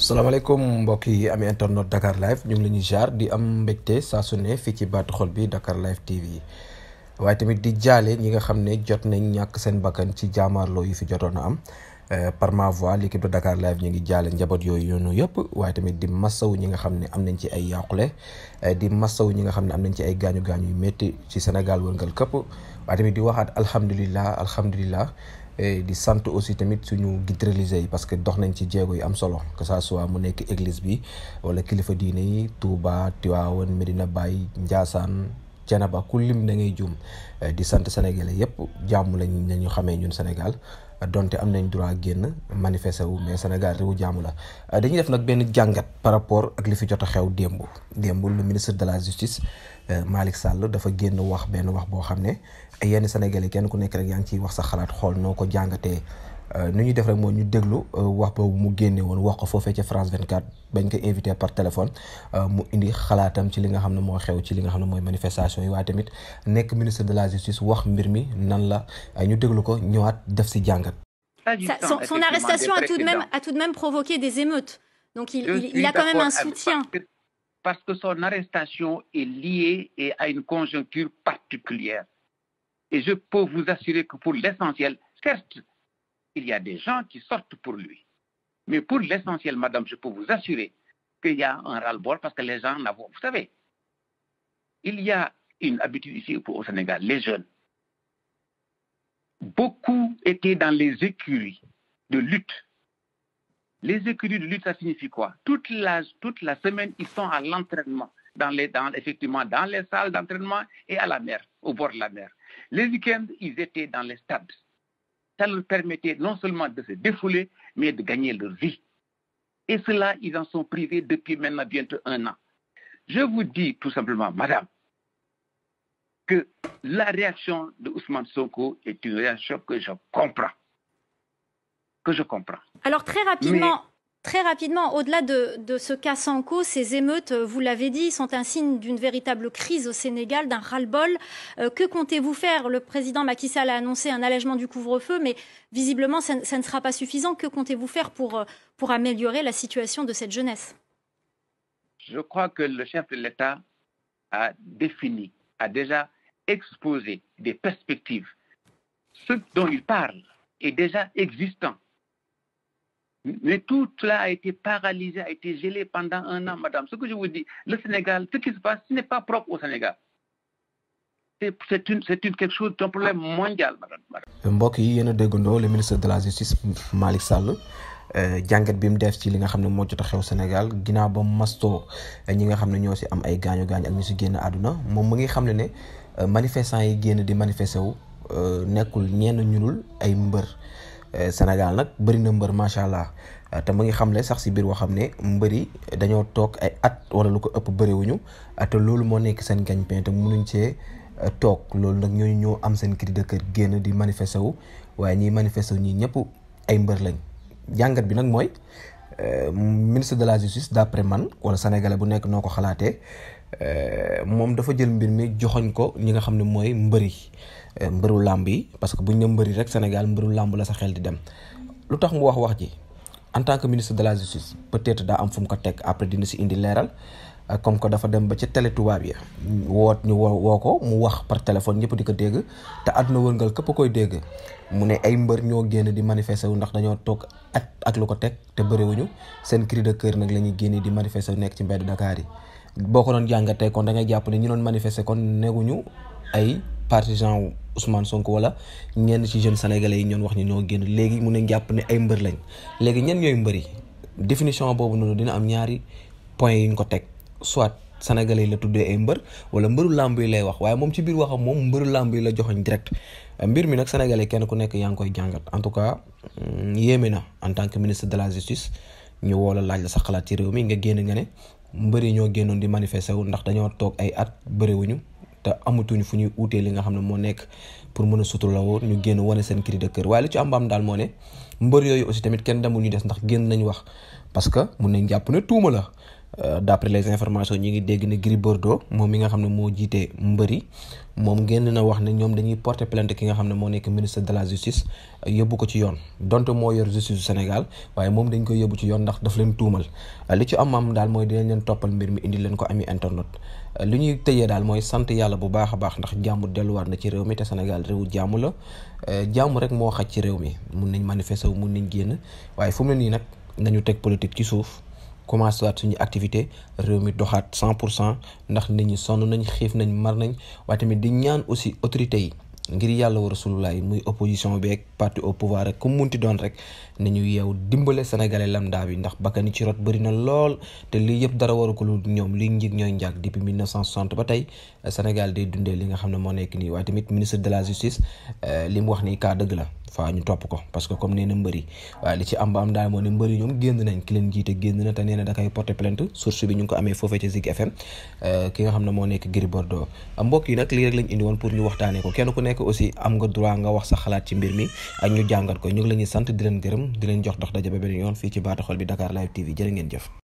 salaamaaleykum mbokk yi am internet Dakar live ñu ngi la ñuy jaar di am mbégte saa su ne fii ci baatu xol bi Dakar live TV waaye tamit di jaale ñi nga xam ne jot nañ ñàkk seen bakkan ci jaamaarloo yi fi jotoon a am Euh, par ma voix l'équipe de Dakar Live ñu ngi jaale njaboot yooyu yoonu yëpp waaye tamit di massaw ñi nga xam ne am nañ ci ay yàqule euh, di massaw ñi nga xam ne am nañ ci ay gaañu gaañu yu métti ci Sénégal wërngal këpp waaye tamit di waxaat alhamdulillah alhamdulilah euh, di sant aussi tamit suñu guides yi parce que dox nañ ci jéego yi am solo que ça soit mu nekk église bi wala kilifa diine yi Touba Tivaouane Medina Baye Ndiassane Thiénaba ku lim da ngay juum eh, di sant sénégalais yëpp jàmm lañ la ñu xamee ñun senegal donte am nañ droit génn manifester wu mais Sénégal réewu jàmm la. Eh, dañuy def nag benn jàngat par rapport ak li fi jot a xew démb démb le ministre de la justice eh, Malick Sall dafa génn wax benn wax boo xam ne yenn sénégalais kenn ku nekk rek yaa ngi ciy wax sa xalaat xool noo ko jàngatee. Euh, nu ñuy def rek mooy ñu déglu euh, wax boobu mu génne woon wax ko foofee ca France 24 bañ ko invité par téléphone euh, mu indi xalaatam ci li nga xam ne moo xew ci li nga xam ne mooy manifestation yi waaye tamit nekk ministre de la justice wax mbir mi nan la ñu déglu ko ñëwaat def si jàngat. son, son arrestation a a parce que son arrestation est liée et à pour l'essentiel il y a des gens qui sortent pour lui. Mais pour l'essentiel, madame, je peux vous assurer qu'il y a un ras-le-bol parce que les gens n'avaient. Vous savez, il y a une habitude ici au Sénégal, les jeunes. Beaucoup étaient dans les écuries de lutte. Les écuries de lutte, ça signifie quoi toute la, toute la semaine, ils sont à l'entraînement, dans les, dans, effectivement, dans les salles d'entraînement et à la mer, au bord de la mer. Les week étaient dans les stades. ça leur permettait non seulement de se défouler, mais de gagner leur vie. Et cela, ils en sont privés depuis maintenant bientôt un an. Je vous dis tout simplement, madame, que la réaction de Ousmane Sonko est une réaction que je comprends. Que je comprends. Alors très rapidement, Très rapidement, au-delà de, de, ce cas Sanko, ces émeutes, euh, vous l'avez dit, sont un signe d'une véritable crise au Sénégal, d'un ras bol euh, que comptez-vous faire Le président Macky a annoncé un allègement du couvre-feu, mais visiblement, ça, ne sera pas suffisant. Que comptez-vous faire pour, euh, améliorer la situation de cette jeunesse Je crois que le chef de l'État a déjà exposé des perspectives. Ce dont il parle est déjà existant. Mais tout la a été paralysé, a été gelé pendant un an, madame. Ce que je vous dis, le Sénégal, ce qui se passe, ce n'est pas propre au Sénégal. mondial mbokk yi yéen a déggandoo le ministre de la justice Malick Sall euh, jàngat bi mu def ci li nga xam ne moo jot a xew Sénégal ginnaaw ba mastoo euh, ñi nga xam ne ñoo si am ay gaañu gaañu ak ñu si génn àdduna moom mu ngi xam ne ne euh, manifestants yi génn di manifester wu nekkul ñeen ñunul ay mbër. Euh, Sénégal nag bëri na mbër macha allah euh, te mu ngi xam xamle sax si biir woo xam ne mbëri dañoo toog ay at wala lu ko ëpp bëriwuñu euh, te loolu moo nekk seen gagne-pain te mënuñ cee toog loolu nag ñooñu ñoo am seen cri de kër génn di manifester wu waaye ñii manifester wu ñii ñëpp ay mbër lañ jàngat bi nag mooy. Euh, ministre de la justice d'après man wala sénégalais bu nekk noo ko xalaatee euh, moom dafa jël mbir mi joxoñ ko ñi nga xam ne mooy mbëri euh, mbëru làmb yi parce que bu ñu ne mbëri rek Sénégal mbëru làmb la sa xel di dem lu tax mu wax wax ji en tant que ministre de la justice peut-être daa am fu mu ko teg après dina si indi leeral comme que dafa dem ba ca télé tubaab yi woot ñu woo woo ko mu wax par téléphone ñëpp di ko dégg te àdduna wërngal képp koy dégg mu ne ay mbër ñoo génn di manifester wu ndax dañoo toog at lu ko teg te bëriwuñu seen cri de cœur nag la ñuy génn di manifester wu nekk ci mbedd Dakar yi boo ko doon jàngatee kon da ngay jàpp ne ñu doon manifester kon neguñu ay partisan Ousmane Sonko wala ñenn ci jeunes sénégalais yi ñoon wax ñu ñoo génn léegi mu ne jàpp ne ay mbër lañ léegi ñenn ñooy mbër yi définition boobu noonu dina am ñaari point yi ñu ko teg soit sénégalais la tuddee ay mbër wala mbëru làmb yi lay wax waaye moom ci biir waxam moom mbëru làmb yi la joxoñ direct mbir mi nag sénégalais kenn ku nekk yaa ngi koy jàngat en tout cas mm, yéeme na en tant que ministre de la justice ñu woo la laaj sa xalaat ci réew mi nga génn nga ne mbër yi ñoo génnoon di manifester wu ndax dañoo toog ay at bëriwuñu te amatuñu fu ñuy uutee li nga xam ne moo nekk pour mën a sutura woo ñu génn wane seen cri de cœur waaye li ci ambaam daal moo ne mbër yooyu aussi tamit kenn demul ñu des ndax génn nañ wax parce que mun nañ jàpp ne tuuma la Euh, d'après les informations ñi ngi dégg ne Gris Bordeaux moom mi nga xam ne moo jiite mbëri moom génn na wax ne ñoom dañuy porter plainte ki nga xam ne moo nekk ministre de la justice euh, yóbbu ko ci yoon donte moo yor justice du Sénégal waaye moom dañ koy yóbbu ci yoon ndax daf leen tuumal euh, li ci am am daal mooy dinañ leen toppal mbir mi indi leen ko ami internet li ñuy tëjee daal mooy sant yàlla bu baax a baax ndax jàmm delluwaat na ci réew mi te Sénégal réewu jàmm la jàmm rek moo xaj ci réew mi mun nañ manifester wu mun nañ génn waaye fu mu nii nag nañu teg politique ci suuf commencé waat suñu activité réew mi doxaat cent pour cent ndax nit ñi sonn nañ xiif nañ mar nañ waaye tamit di ñaan aussi autorité yi ngir yàlla war a sululaay muy opposition bi ak parti au pouvoir rek comme munti doon rek na ñu yeew dimbale sénégalais lambda bi ndax bakkani ci rot bëri na lool te lii yëpp dara war a ko lu ñoom liy njig ñooy njàgg depuis 1960 ba tey Sénégal day dundee li nga xam ne moo nekk nii waaye tamit ministre de la justice eh, li mu wax nii kaa la faa ñu topp ko parce que comme nee na waaye ci am ba am daal moo ne mbëri ñoom génn nañ ki leen jiite génn na te nee na da koy porter plainte bi ñu ko amee foofee ci Zik FM euh, ki nga xam ne moo nekk Gris Bordeaux ah, mbokk nag lii rek lañ indi woon pour ñu waxtaanee ko kenn ku nekk aussi am nga droit nga wax sa xalaat ci mbir mi ak ñu jàngat ko ñu ngi la sant di leen gërëm di leen jox dox daje ba beneen yoon fii ci baata xol bi Dakar Live TV ngeen jëf